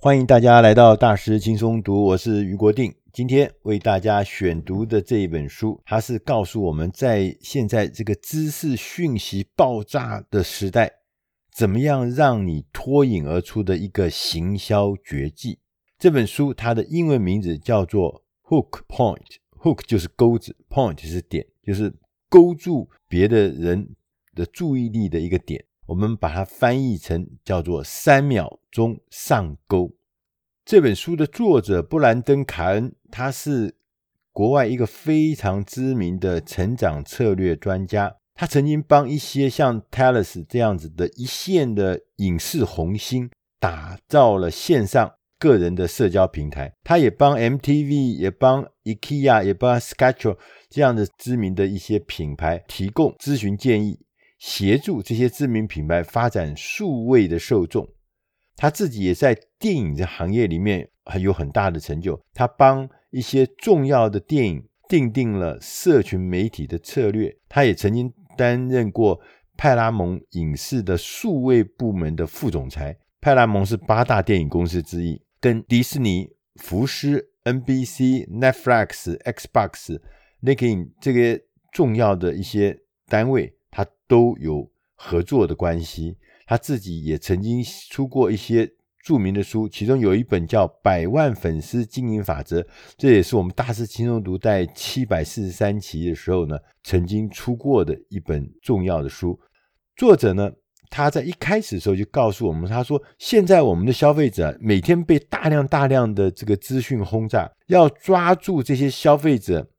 歡迎大家來到大師輕鬆讀，我是於國定。今天為大家選讀的這一本書，它是告訴我們，在現在這個知識訊息爆炸的時代，怎麼樣讓你脫穎而出的一個行銷絕技。這本書它的英文名字叫做 Hook Point，Hook 就是鈎子，Point 是點，就是勾住別的人的注意力的一個點。我們把它翻譯成叫做三秒。中上鈎這本書的作者布蘭登·凱恩，他是國外一個非常知名的成長策略專家。他曾經幫一些像泰勒絲這樣子的一線的影視紅星打造了線上個人的社交平台。他也幫 MTV，也幫 IKEA，也幫 Skechers 這樣的知名的一些品牌提供諮詢建議，協助這些知名品牌發展數位的受眾。他自己也在電影的行業裡面很有很大的成就。他幫一些重要的電影定定了社群媒體的策略。他也曾經擔任過派拉蒙影視的數位部門的副總裁。派拉蒙是八大電影公司之一，跟迪士尼、福斯、NBC、Netflix、Xbox、Nick 這些重要的一些單位，他都有合作的關係。他自己也曾經出過一些著名的書，其中有一本叫《百萬粉絲經營法則》，這也是我們大師輕鬆讀在七百四十三期的時候呢，曾經出過的一本重要的書。作者呢，他在一開始的時候就告訴我們，他說：“現在我們的消費者每天被大量大量的這個資訊轟炸，要抓住這些消費者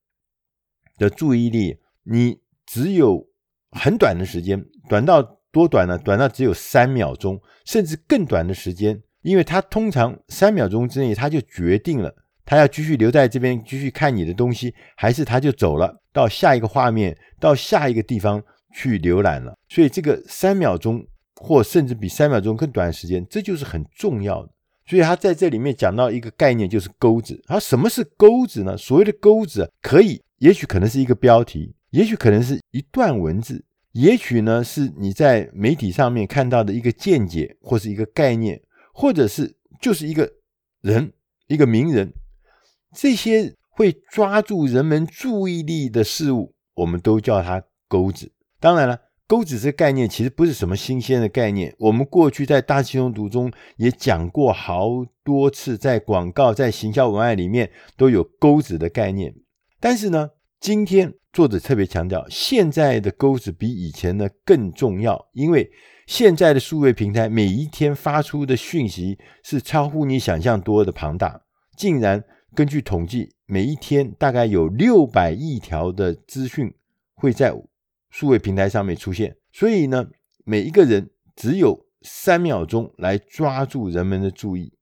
的注意力，你只有很短的時間，短到。”多短呢？短到只有三秒鐘，甚至更短的時間，因為他通常三秒鐘之內他就決定了，他要繼續留在這邊繼續看你的東西，還是他就走了，到下一個畫面，到下一個地方去瀏覽了。所以這個三秒鐘，或甚至比三秒鐘更短的時間，這就是很重要的。所以他在這裡面講到一個概念，就是鈎子。他什麼是鈎子呢？所謂的鈎子，可以也許可能是一個標題，也許可能是一段文字。也許呢，是你在媒體上面看到的一個見解，或是一個概念，或者是就是一個人，一個名人，這些會抓住人們注意力的事物，我們都叫它鈎子。當然了，鈎子這個概念其實不是什麼新鮮的概念，我們過去在大氣誦讀中也講過好多次，在廣告、在行銷文案裡面都有鈎子的概念。但是呢，今天，作者特別強調，現在的鈎子比以前的更重要，因為現在的數位平台每一天發出的訊息是超乎你想象多的龐大，竟然根據統計，每一天大概有六百億條的資訊會在數位平台上面出現，所以呢，每一個人只有三秒鐘來抓住人們的注意，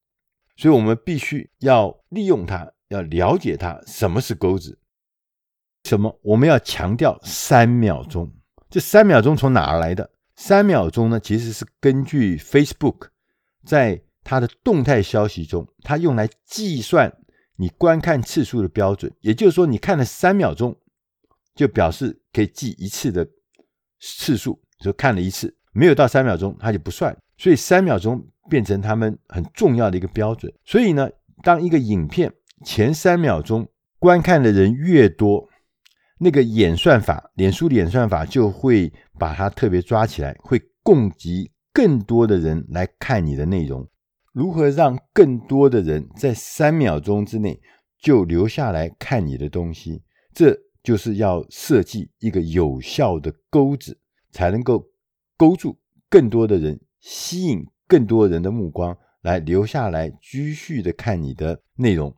所以我們必須要利用它，要了解它，什麼是鈎子。為什麼我們要強調三秒鐘？這三秒鐘從哪來的？三秒鐘呢，其實是根據 Facebook 在它的動態消息中，它用來計算你觀看次數的標準。也就是說，你看了三秒鐘，就表示可以記一次的次數。就看了一次，沒有到三秒鐘，它就不算，所以三秒鐘變成他們很重要的一個標準。所以呢，當一個影片前三秒鐘觀看的人越多，那個演算法，臉書的演算法就會把它特別抓起來，會供給更多的人來看你的內容。如何讓更多的人在三秒鐘之內就留下來看你的東西？這就是要設計一個有效的鈎子，才能夠勾住更多的人，吸引更多人的目光，來留下來繼續的看你的內容。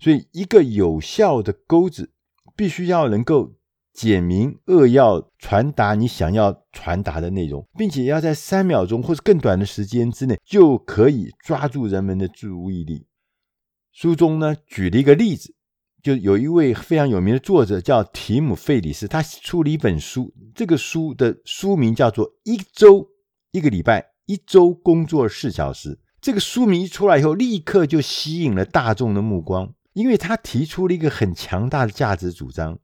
所以，一個有效的鈎子。必須要能夠簡明扼要傳達你想要傳達的內容，並且要在三秒鐘或者更短的時間之內就可以抓住人們的注意力。書中呢舉了一個例子，就有一位非常有名的作者叫提姆費里斯，他出了一本書，這個書的書名叫做《一周，一個禮拜，一周工作四小時》。這個書名一出來以後，立刻就吸引了大眾的目光。因為他提出了一個很強大的價值主張，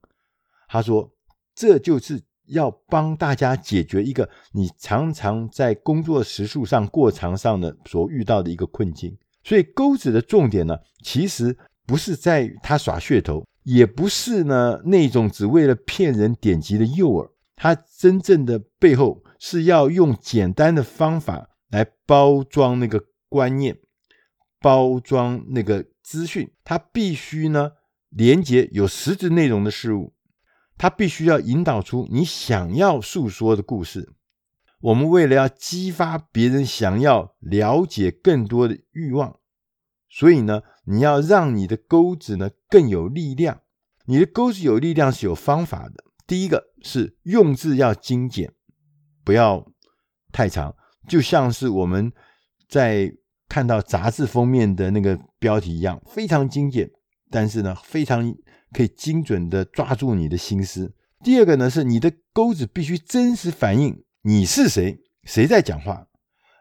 他說：“這就是要幫大家解決一個你常常在工作時數上過長上的所遇到的一個困境。”所以鈎子的重點呢，其實不是在於他耍噱頭，也不是呢那種只為了騙人點擊的誘餌，他真正的背後是要用簡單的方法來包裝那個觀念，包裝那個。資訊，它必須呢連接有實質內容的事物，它必須要引導出你想要訴說的故事。我們為了要激發別人想要了解更多的欲望，所以呢，你要讓你的鈎子呢更有力量。你的鈎子有力量是有方法的。第一個是用字要精簡，不要太長。就像是我們在。看到雜誌封面的那個標題一樣，非常精簡，但是呢，非常可以精準地抓住你的心思。第二個呢，是你的鈎子必須真實反映你是誰，誰在講話，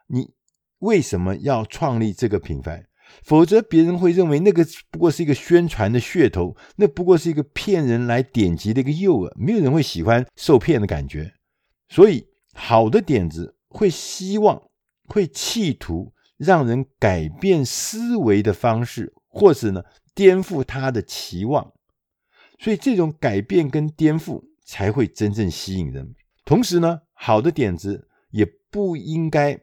你為什麼要創立這個品牌？否則別人會認為那個不過是一個宣傳的噱頭，那不過是一個騙人來點擊的一個誘餌，沒有人會喜歡受騙的感覺。所以好的點子會希望會企圖。讓人改變思維的方式，或者呢，顛覆他的期望，所以這種改變跟顛覆才會真正吸引人。同時呢，好的點子也不應該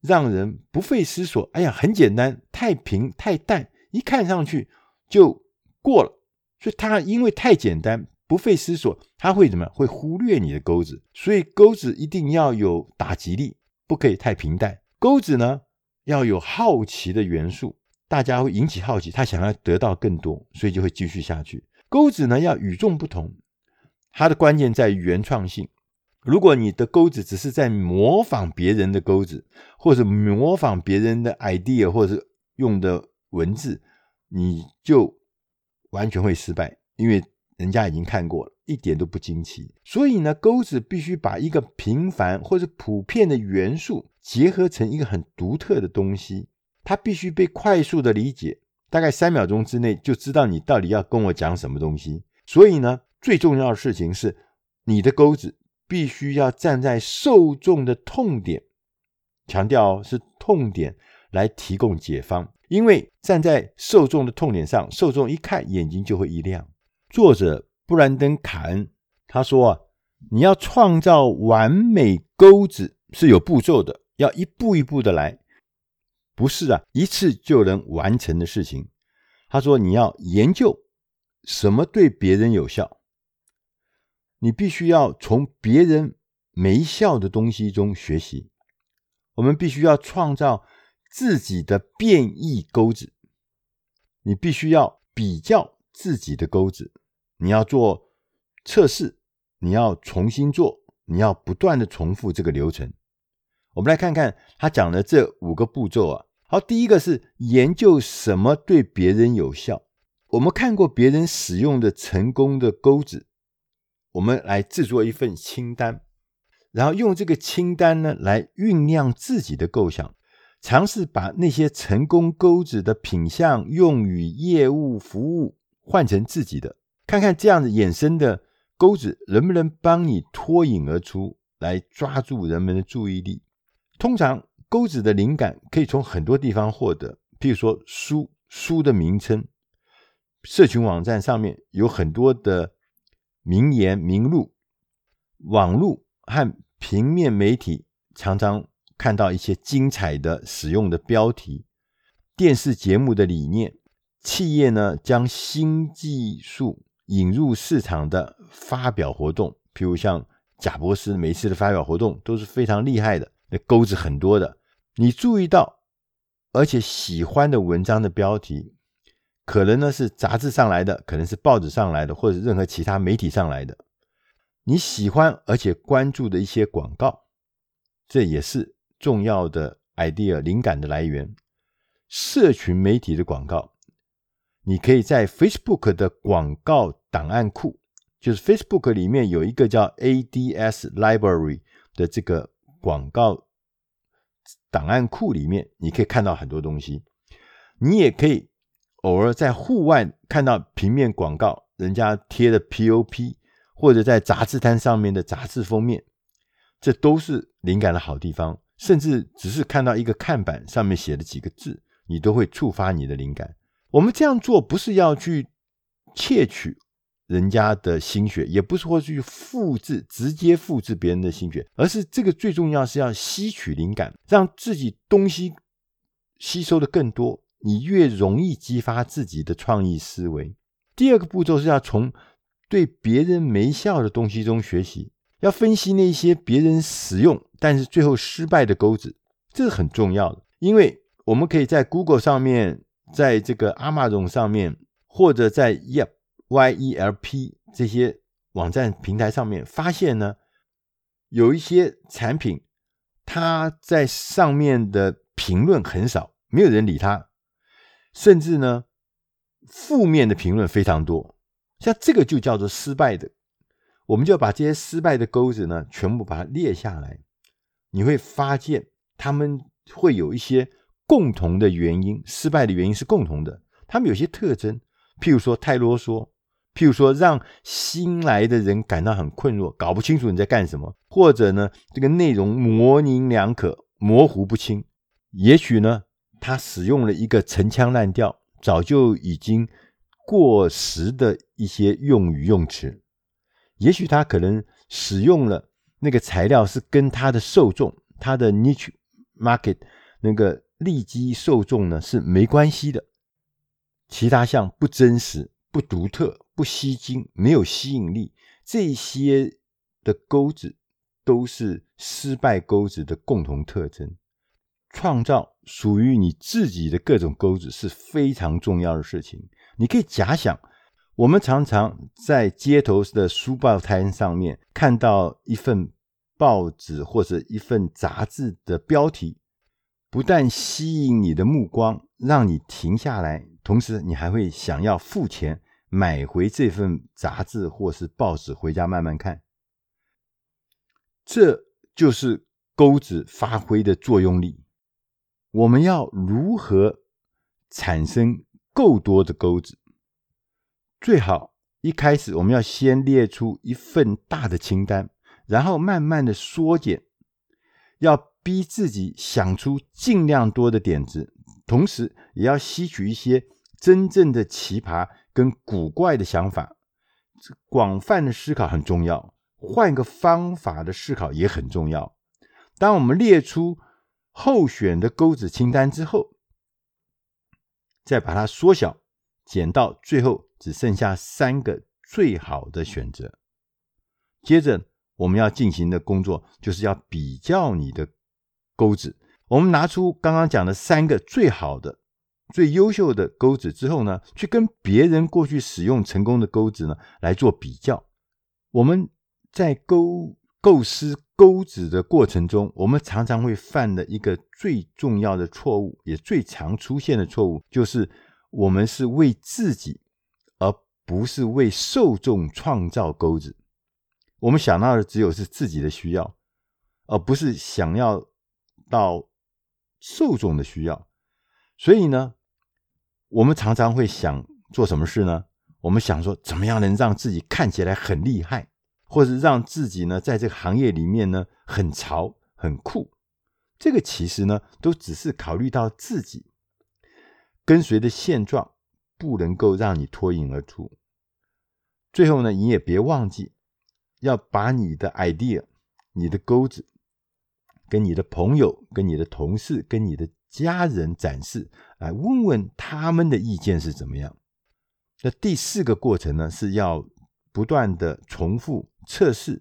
讓人不費思索。哎呀，很簡單，太平太淡，一看上去就過了。所以他因為太簡單，不費思索，他會怎麼樣？會忽略你的鈎子。所以鈎子一定要有打擊力，不可以太平淡。鈎子呢，要有好奇的元素，大家會引起好奇，他想要得到更多，所以就會繼續下去。鈎子呢，要與眾不同，它的關鍵在於原創性。如果你的鈎子只是在模仿別人的鈎子，或者是模仿別人的 idea，或者是用的文字，你就完全會失敗，因為人家已經看過了。一點都不驚奇，所以呢，鈎子必須把一個平凡或者普遍的元素結合成一個很獨特的東西，它必須被快速的理解，大概三秒鐘之內就知道你到底要跟我講什麼東西。所以呢，最重要的事情是，你的鈎子必須要站在受眾的痛點，強調哦，是痛點來提供解方，因為站在受眾的痛點上，受眾一看眼睛就會一亮，作者。布蘭登·凱恩他說：“啊，你要創造完美鈎子是有步驟的，要一步一步的來，不是啊一次就能完成的事情。”他說：“你要研究什麼對別人有效，你必須要從別人沒效的東西中學習。我們必須要創造自己的變異鈎子，你必須要比較自己的鈎子。”你要做測試，你要重新做，你要不斷的重複這個流程。我們來看看他講的這五個步驟啊。好，第一個是研究什麼對別人有效。我們看過別人使用的成功的鈎子，我們來制作一份清單，然後用這個清單呢來醞釀自己的構想，嘗試把那些成功鈎子的品項、用語業務服務換成自己的。看看這樣子衍生的鈎子能不能幫你脫穎而出，來抓住人們的注意力。通常鈎子的靈感可以從很多地方獲得，譬如說書、書的名稱、社群網站上面有很多的名言名錄、網路和平面媒體常常看到一些精彩的使用的標題、電視節目的理念、企業呢，將新技術。引入市場的發表活動，譬如像賈伯斯每次的發表活動都是非常厲害的，那鈎子很多的。你注意到，而且喜歡的文章的標題，可能呢是雜誌上來的，可能是報紙上來的，或者是任何其他媒體上來的。你喜歡而且關注的一些廣告，這也是重要的 idea 靈感的來源。社群媒體的廣告。你可以在 Facebook 的廣告檔案庫，就是 Facebook 裡面有一個叫 Ads Library 的這個廣告檔案庫裡面，你可以看到很多東西。你也可以偶爾在戶外看到平面廣告，人家貼的 POP，或者在雜志攤上面的雜誌封面，這都是靈感的好地方。甚至只是看到一個看板上面寫的幾個字，你都會觸發你的靈感。我們這樣做不是要去竊取人家的心血，也不是說去複製，直接複製別人的心血，而是這個最重要是要吸取靈感，讓自己東西吸收的更多，你越容易激發自己的創意思維。第二個步驟是要從對別人沒效的東西中學習，要分析那些別人使用但是最後失敗的鈎子，這是很重要的，因為我們可以在 Google 上面，在這個亞馬遜上面，或者在 Yelp、Yelp 這些網站平台上面，發現呢，有一些產品，它在上面的評論很少，沒有人理它，甚至呢，負面的評論非常多。像這個就叫做失敗的，我們就要把這些失敗的鈎子呢，全部把它列下來，你會發現他們會有一些。共同的原因，失敗的原因是共同的。他們有些特徵，譬如說太囉嗦，譬如說讓新來的人感到很困惑，搞不清楚你在幹什麼，或者呢，這個內容模稜兩可、模糊不清。也許呢，他使用了一個陳腔濫調，早就已經過時的一些用語用詞。也許他可能使用了那個材料是跟他的受眾、他的 niche market 那個。利基受眾呢是沒關係的，其他像不真實、不獨特、不吸睛、沒有吸引力，這些的鈎子都是失敗鈎子的共同特徵。創造屬於你自己的各種鈎子是非常重要的事情。你可以假想，我們常常在街頭的書報攤上面看到一份報紙或者一份雜誌的標題，不但吸引你的目光，讓你停下來，同時你還會想要付錢買回這份雜誌或是報紙回家慢慢看。這就是鈎子發揮的作用力。我們要如何產生夠多的鈎子？最好一開始我們要先列出一份大的清單，然後慢慢的縮減。要。逼自己想出盡量多的點子，同時也要吸取一些真正的奇葩跟古怪的想法。廣泛的思考很重要，換個方法的思考也很重要。當我們列出候選的鈎子清單之後，再把它縮小，減到最後只剩下三個最好的選擇。接着我們要進行的工作，就是要比較你的。鈎子我們拿出剛剛講的三個最好的、最優秀的鈎子之後呢，去跟別人過去使用成功的鈎子呢，來做比較。我們在勾、構思鈎子的過程中，我們常常會犯的一個最重要的錯誤，也最常出現的錯誤，就是我們是為自己，而不是為受眾創造鈎子我們想到的只有是自己的需要，而不是想要，到受眾的需要，所以呢，我們常常會想做什麼事呢？我們想說，怎麼樣能讓自己看起來很厲害，或者讓自己呢，在這個行業裡面呢，很潮、很酷。這個其實呢，都只是考慮到自己跟隨的現狀，不能夠讓你脫穎而出。最後呢，你也別忘記要把你的 idea、你的鈎子。跟你的朋友、跟你的同事、跟你的家人展示，來問問他們的意見是怎麼樣。那第四個過程呢，是要不斷的重複測試、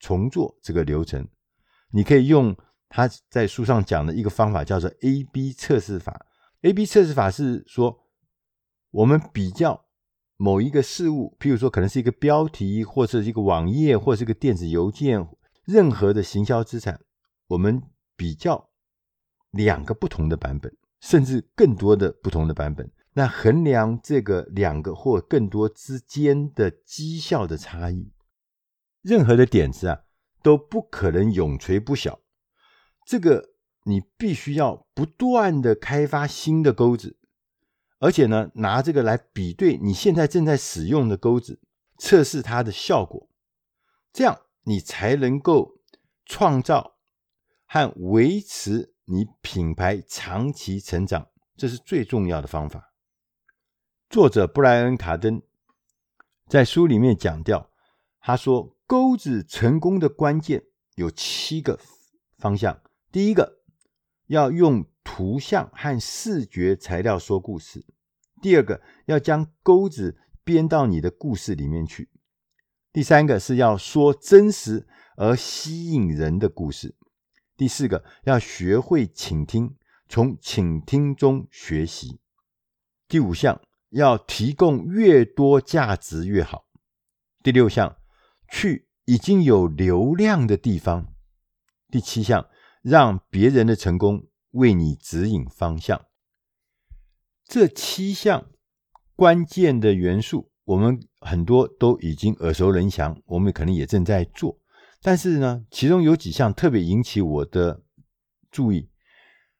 重做這個流程。你可以用他在書上講的一個方法，叫做 AB 測試法。AB 測試法是說，我們比較某一個事物，譬如說可能是一個標題，或者是一個網頁，或是一個電子郵件，任何的行銷資產。我們比較兩個不同的版本，甚至更多的不同的版本，那衡量這個兩個或更多之間的績效的差異，任何的點子啊都不可能永垂不朽。這個你必須要不斷的開發新的鈎子，而且呢拿這個來比對你現在正在使用的鈎子，測試它的效果，這樣你才能夠創造。和維持你品牌長期成長，這是最重要的方法。作者布萊恩卡登在書裡面講到，他說鈎子成功的關鍵有七個方向：第一個要用圖像和視覺材料說故事；第二個要將鈎子編到你的故事裡面去；第三個是要說真實而吸引人的故事。第四個，要學會傾聽，從傾聽中學習。第五項，要提供越多價值越好。第六項，去已經有流量的地方。第七項，讓別人的成功為你指引方向。這七項關鍵的元素，我們很多都已經耳熟能詳，我們可能也正在做。但是呢，其中有幾項特別引起我的注意。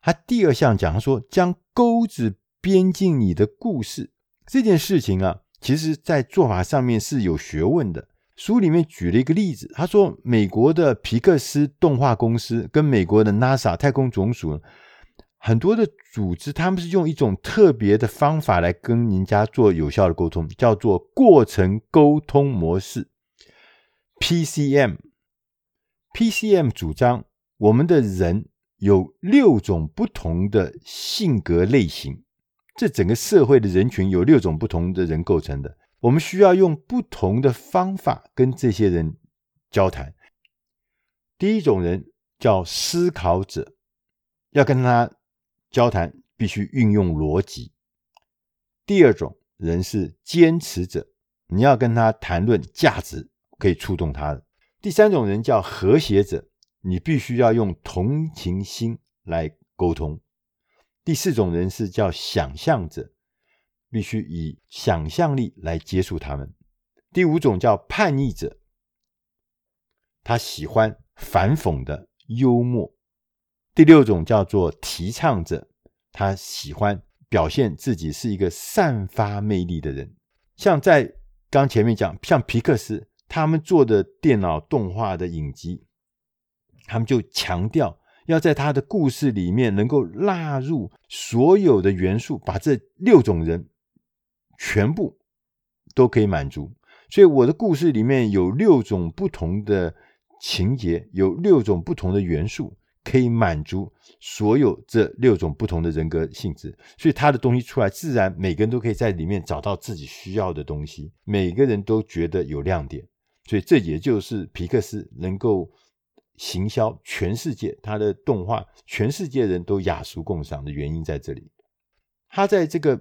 他第二項講，他說，將鈎子編進你的故事。這件事情啊，其實在做法上面是有學問的。書裡面舉了一個例子，他說美國的皮克斯動畫公司跟美國的 NASA 太空總署很多的組織，他們是用一種特別的方法來跟人家做有效的溝通，叫做過程溝通模式 PCM。PC PCM 主張，我們的人有六種不同的性格類型，這整個社會的人群有六種不同的人構成的。我們需要用不同的方法跟這些人交談。第一種人叫思考者，要跟他交談，必須運用邏輯。第二種人是堅持者，你要跟他談論價值，可以觸動他的。第三種人叫和諧者，你必須要用同情心來溝通。第四種人是叫想象者，必須以想象力來接觸他們。第五種叫叛逆者，他喜歡反諷的幽默。第六種叫做提倡者，他喜歡表現自己是一個散發魅力的人。像在剛前面講，像皮克斯。他們做的電腦動畫的影集，他們就強調要在他的故事裡面能夠納入所有的元素，把這六種人全部都可以滿足。所以我的故事裡面有六種不同的情節，有六種不同的元素，可以滿足所有這六種不同的人格性質。所以他的東西出來，自然每個人都可以在裡面找到自己需要的東西，每個人都覺得有亮點。所以，這也就是皮克斯能夠行銷全世界，他的動畫，全世界人都雅俗共賞的原因在這裡。他在這個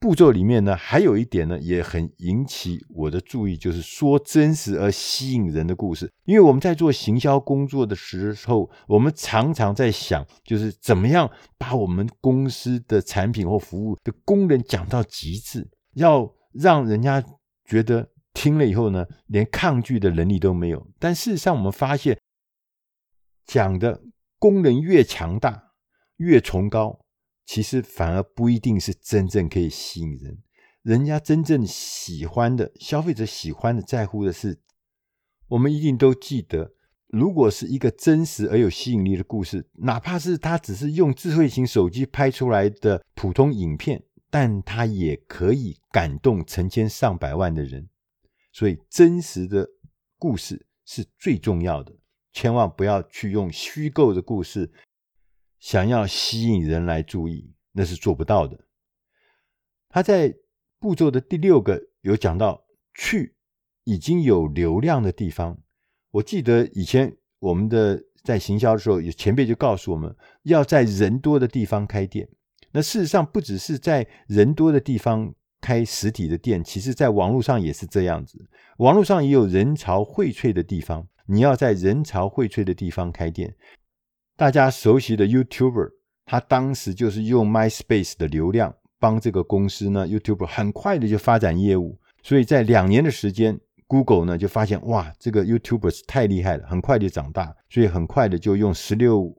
步驟裡面呢，還有一點呢，也很引起我的注意，就是說真實而吸引人的故事。因為我們在做行銷工作的時候，我們常常在想，就是怎麼樣把我們公司的產品或服務的功能講到極致，要讓人家覺得。聽了以後呢，連抗拒的能力都沒有。但事實上，我們發現講的功能越強大、越崇高，其實反而不一定是真正可以吸引人。人家真正喜歡的、消費者喜歡的、在乎的是，我們一定都記得，如果是一個真實而有吸引力的故事，哪怕是他只是用智慧型手機拍出來的普通影片，但他也可以感動成千上百萬的人。所以，真實的故事是最重要的，千萬不要去用虛構的故事想要吸引人來注意，那是做不到的。他在步驟的第六個有講到去已經有流量的地方。我記得以前我們的在行銷的時候，有前輩就告訴我們，要在人多的地方開店。那事實上，不只是在人多的地方。開實體的店，其實，在網絡上也是這樣子。網絡上也有人潮薈萃的地方，你要在人潮薈萃的地方開店。大家熟悉的 YouTuber，他當時就是用 MySpace 的流量幫這個公司呢，YouTuber 很快的就發展業務。所以在兩年的時間，Google 呢就發現，哇，這個 YouTuber 是太厲害了，很快就長大，所以很快的就用十六。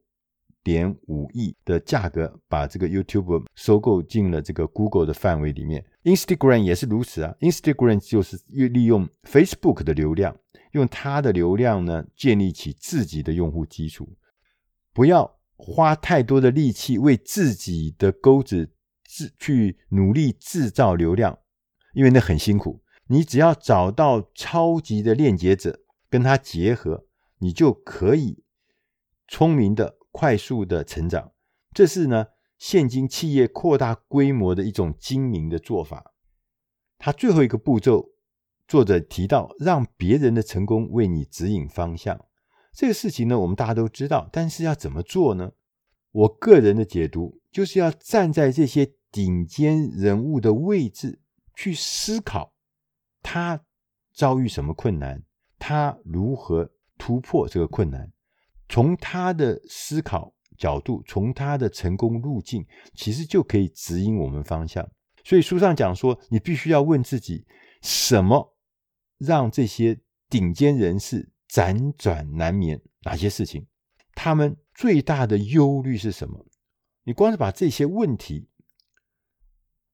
點五億的價格，把這個 YouTube 收購進了這個 Google 的範圍裡面。Instagram 也是如此啊，Instagram 就是利用 Facebook 的流量，用它的流量呢建立起自己的用戶基礎。不要花太多的力氣為自己的鈎子，去努力製造流量，因為那很辛苦。你只要找到超級的鏈接者，跟他結合，你就可以聰明的。快速的成長，這是呢，現今企業擴大規模的一種精明的做法。它最後一個步驟，作者提到讓別人的成功為你指引方向。這個事情呢，我們大家都知道，但是要怎麼做呢？我個人的解讀就是要站在這些頂尖人物的位置去思考，他遭遇什麼困難，他如何突破這個困難。從他的思考角度，從他的成功路徑，其實就可以指引我們方向。所以書上講說，你必須要問自己：什麼讓這些頂尖人士輾轉難眠？哪些事情？他們最大的憂慮是什麼？你光是把這些問題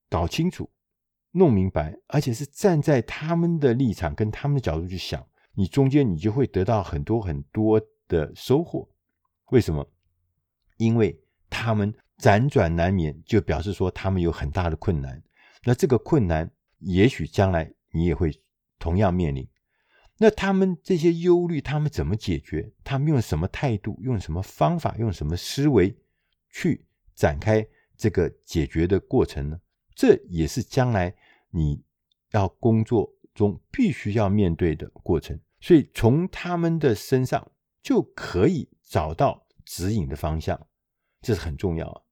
搞清楚、弄明白，而且是站在他們的立場跟他們的角度去想，你中間你就會得到很多很多。的收穫，為什麼？因為他們輾轉難眠，就表示說他們有很大的困難。那這個困難，也許將來你也會同樣面臨。那他們這些憂慮，他們怎麼解決？他們用什麼態度？用什麼方法？用什麼思維去展開這個解決的過程呢？這也是將來你要工作中必須要面對的過程。所以從他們的身上，就可以找到指引的方向，這是很重要。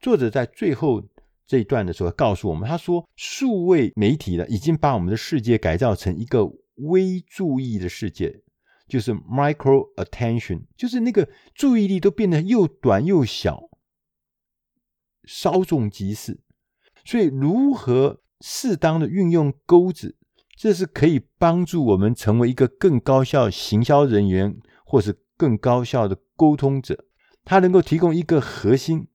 作者在最後這一段的時候告訴我們，他說，數位媒體呢，已經把我們的世界改造成一個微注意的世界，就是 micro attention，就是那個注意力都變得又短又小，稍縱即逝。所以，如何適當的運用鈎子，這是可以幫助我們成為一個更高效行銷人員。或是更高效的溝通者，它能夠提供一個核心，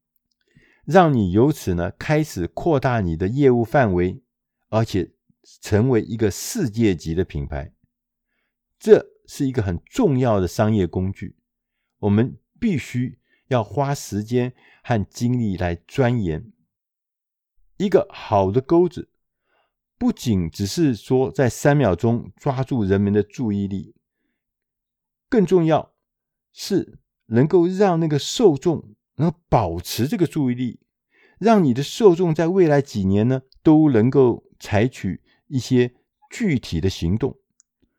讓你由此呢開始擴大你的業務範圍，而且成為一個世界級的品牌。這是一個很重要的商業工具，我們必須要花時間和精力來鑽研。一個好的鈎子，不僅只是說在三秒鐘抓住人們的注意力。更重要是能夠讓那個受眾能保持這個注意力，讓你的受眾在未來幾年呢，都能夠採取一些具體的行動。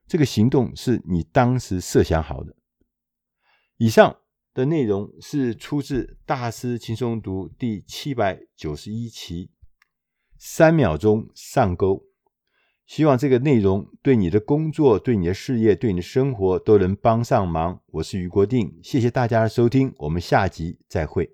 這個行動是你當時設想好的。以上的內容是出自大師輕鬆讀第七百九十一期，三秒鐘上鈎。希望這個內容對你的工作、對你的事業、對你的生活都能幫上忙。我是余國定，謝謝大家的收聽，我們下集再會。